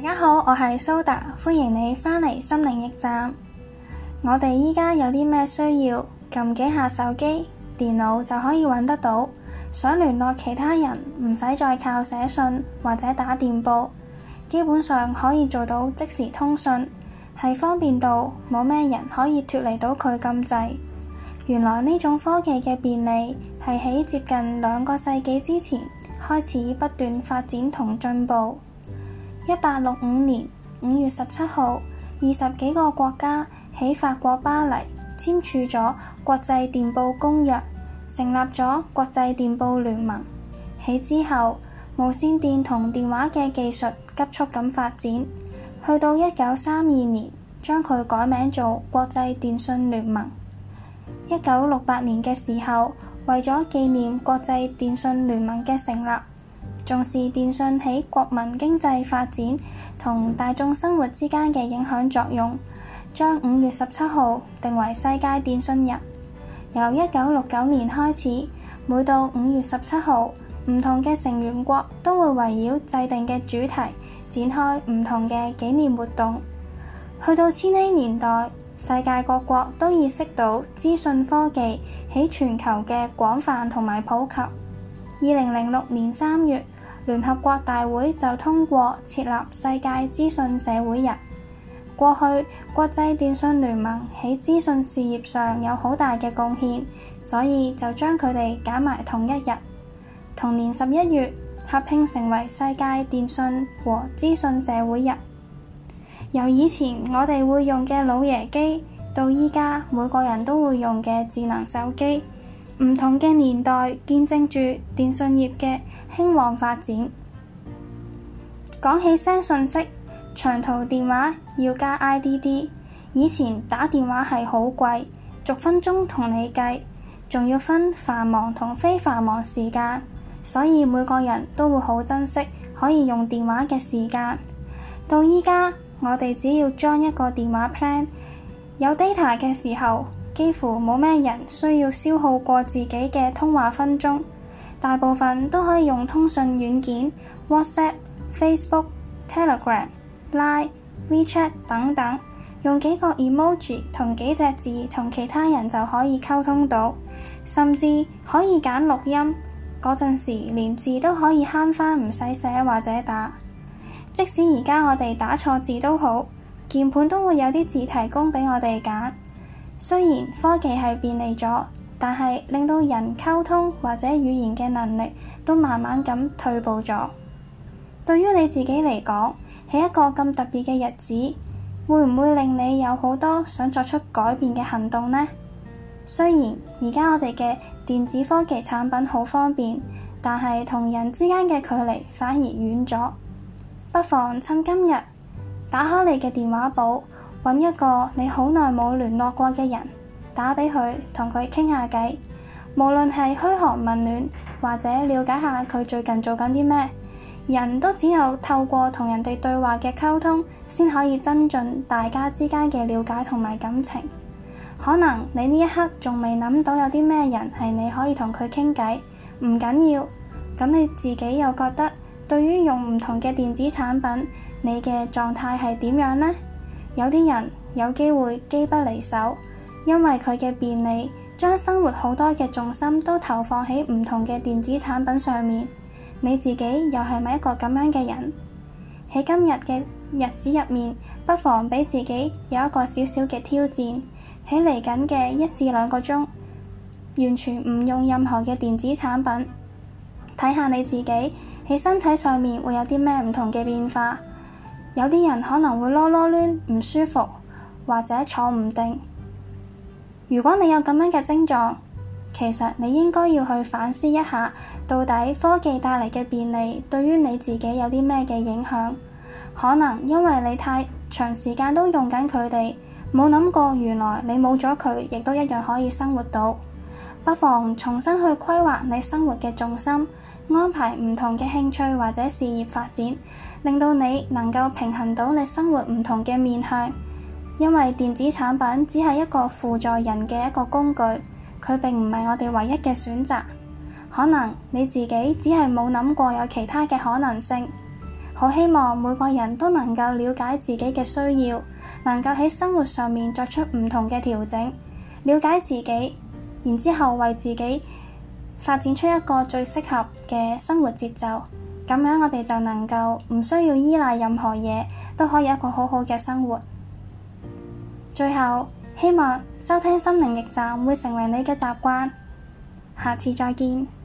大家好，我係蘇達，歡迎你返嚟心靈驛站。我哋依家有啲咩需要，撳幾下手機、電腦就可以揾得到。想聯絡其他人，唔使再靠寫信或者打電報，基本上可以做到即時通訊，係方便到冇咩人可以脫離到佢咁滯。原來呢種科技嘅便利係喺接近兩個世紀之前開始不斷發展同進步。一八六五年五月十七號，二十幾個國家喺法國巴黎簽署咗《國際電報公約》，成立咗國際電報聯盟。喺之後，無線電同電話嘅技術急速咁發展，去到一九三二年，將佢改名做國際電信聯盟。一九六八年嘅時候，為咗紀念國際電信聯盟嘅成立。重視電信喺國民經濟發展同大眾生活之間嘅影響作用，將五月十七號定為世界電信日。由一九六九年開始，每到五月十七號，唔同嘅成員國都會圍繞制定嘅主題展開唔同嘅紀念活動。去到千禧年代，世界各國都意識到資訊科技喺全球嘅廣泛同埋普及。二零零六年三月。聯合國大會就通過設立世界資訊社會日。過去國際電信聯盟喺資訊事業上有好大嘅貢獻，所以就將佢哋揀埋同一日。同年十一月合併成為世界電信和資訊社會日。由以前我哋會用嘅老爺機，到依家每個人都會用嘅智能手機。唔同嘅年代，見證住電信業嘅興旺發展。講起聲訊息，長途電話要加 IDD。以前打電話係好貴，逐分鐘同你計，仲要分繁忙同非繁忙時間，所以每個人都會好珍惜可以用電話嘅時間。到依家，我哋只要裝一個電話 plan，有 data 嘅時候，幾乎冇咩人需要消耗過自己嘅通話分鐘，大部分都可以用通訊軟件 WhatsApp、Facebook、Telegram、Line、WeChat 等等，用幾個 emoji 同幾隻字同其他人就可以溝通到，甚至可以揀錄音嗰陣時，連字都可以慳返，唔使寫或者打。即使而家我哋打錯字都好，鍵盤都會有啲字提供俾我哋揀。雖然科技係便利咗，但係令到人溝通或者語言嘅能力都慢慢咁退步咗。對於你自己嚟講，喺一個咁特別嘅日子，會唔會令你有好多想作出改變嘅行動呢？雖然而家我哋嘅電子科技產品好方便，但係同人之間嘅距離反而遠咗。不妨趁今日，打開你嘅電話簿。揾一個你好耐冇聯絡過嘅人打畀佢，同佢傾下偈。無論係噓寒問暖或者了解下佢最近做緊啲咩，人都只有透過同人哋對話嘅溝通，先可以增進大家之間嘅了解同埋感情。可能你呢一刻仲未諗到有啲咩人係你可以同佢傾偈，唔緊要。咁你自己又覺得對於用唔同嘅電子產品，你嘅狀態係點樣呢？有啲人有機會機不離手，因為佢嘅便利，將生活好多嘅重心都投放喺唔同嘅電子產品上面。你自己又係咪一個咁樣嘅人？喺今日嘅日子入面，不妨畀自己有一個小小嘅挑戰，喺嚟緊嘅一至兩個鐘，完全唔用任何嘅電子產品，睇下你自己喺身體上面會有啲咩唔同嘅變化。有啲人可能會囉囉攣，唔舒服或者坐唔定。如果你有咁樣嘅症狀，其實你應該要去反思一下，到底科技帶嚟嘅便利對於你自己有啲咩嘅影響？可能因為你太長時間都用緊佢哋，冇諗過原來你冇咗佢，亦都一樣可以生活到。不妨重新去規劃你生活嘅重心。安排唔同嘅興趣或者事業發展，令到你能夠平衡到你生活唔同嘅面向。因為電子產品只係一個輔助人嘅一個工具，佢並唔係我哋唯一嘅選擇。可能你自己只係冇諗過有其他嘅可能性。好希望每個人都能夠了解自己嘅需要，能夠喺生活上面作出唔同嘅調整，了解自己，然之後為自己。發展出一個最適合嘅生活節奏，咁樣我哋就能夠唔需要依賴任何嘢，都可以有一個好好嘅生活。最後，希望收聽《心靈驛站》會成為你嘅習慣。下次再見。